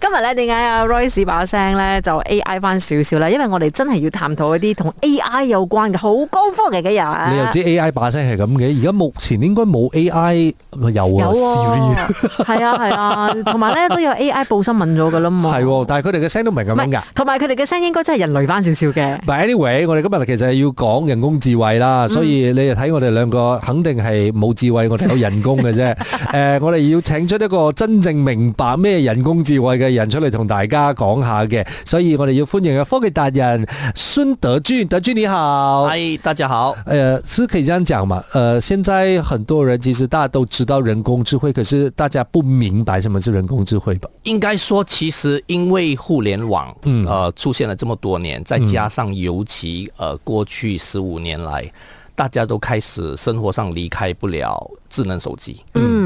今日咧，點解阿 Royce 把聲咧就 AI 翻少少咧？因為我哋真係要探討一啲同 AI 有關嘅好高科技嘅嘢。你又知 AI 把聲係咁嘅？而家目前應該冇 AI 有啊 CV 啊，係啊係啊，同埋咧都有 AI 報新聞咗㗎啦嘛。係，但係佢哋嘅聲都唔係咁樣㗎。同埋佢哋嘅聲應該真係人類翻少少嘅。But anyway，我哋今日其實係要講人工智慧啦，所以你哋睇我哋兩個肯定係冇智慧，我哋有人工嘅啫。誒，我哋要請出一個真正明白咩人工智慧嘅人出嚟同大家講下嘅，所以我哋要歡迎啊科技達人孫德俊。德俊你好，嗨，大家好。呃，是可以這樣講嘛，呃，現在很多人其實大家都知道人工智慧，可是大家不明白什麼是人工智慧吧？應該說，其實因為互聯網，呃，出現了這麼多年，嗯。再加上尤其呃過去十五年來，大家都開始生活上離開不了智能手機。嗯。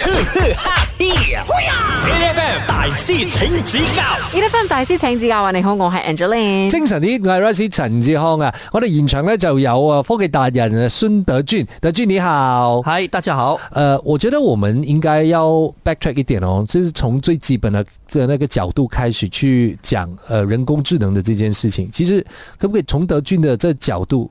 哈哈！A F M 大師請指教，A F M 大師請指教。你好，我 是 Angeline，精神啲嘅 Rice 陳志康啊。我哋現場咧就有啊科技達人孫德俊，德俊你好，嗨大家好。呃我覺得我們應該要 backtrack 一點哦，就是從最基本的嘅那個角度開始去講呃人工智能的這件事情。其實可唔可以從德俊的這角度？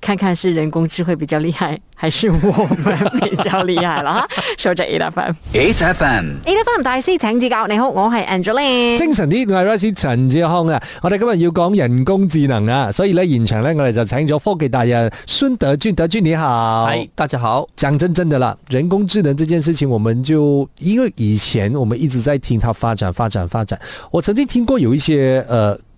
看看是人工智慧比較厲害，還是我們比較厲害了哈，收、 啊、着 e T F m e T F M，A T F M，大師，請指教，你好，我是 a n g e l i n e 精神啲、嗯，我係陳志康啊。我哋今日要講人工智能啊，所以咧現場咧我哋就請咗科技達人孫德俊，德俊，你好，Hi. 大家好，講真真的啦，人工智能這件事情，我們就因為以前我們一直在聽它發展、發展、發展。我曾經聽過有一些，呃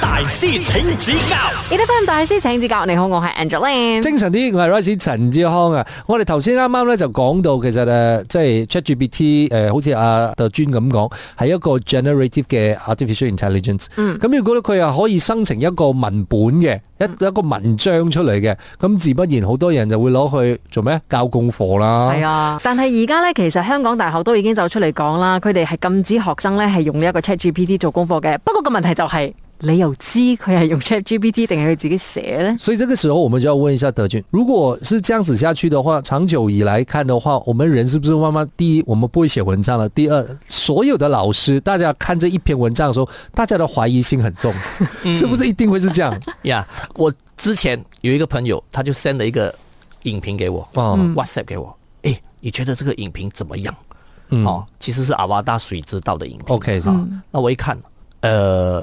大師請指教 e l e p 大師請指教。你好，我係 Angeline。精神啲，我係 Rice 陳志康啊。我哋頭先啱啱咧就講到，其實誒、即、啊、係、就是、ChatGPT 誒、呃，好似阿德俊咁講，係一個 generative 嘅 artificial intelligence。咁、嗯、如果佢又可以生成一個文本嘅一、嗯、一個文章出嚟嘅，咁自不然好多人就會攞去做咩交功課啦。係啊，但係而家咧，其實香港大學都已經走出嚟講啦，佢哋係禁止學生咧係用呢一個 ChatGPT 做功課嘅。不過個問題就係、是。你又知佢係用 ChatGPT 定係佢自己寫呢？所以這個時候，我們就要問一下德俊：如果是這樣子下去的話，長久以來看的話，我們人是不是慢慢第一，我們不會寫文章了，第二，所有的老師，大家看這一篇文章的時候，大家的懷疑心很重， 是不是一定會是這樣？呀， yeah, 我之前有一個朋友，他就 send 了一個影評給我、嗯、，WhatsApp 給我，哎、欸、你覺得這個影評怎麼樣？嗯、哦，其實是阿瓦達水知道的影片。OK，咁，那我一看，呃……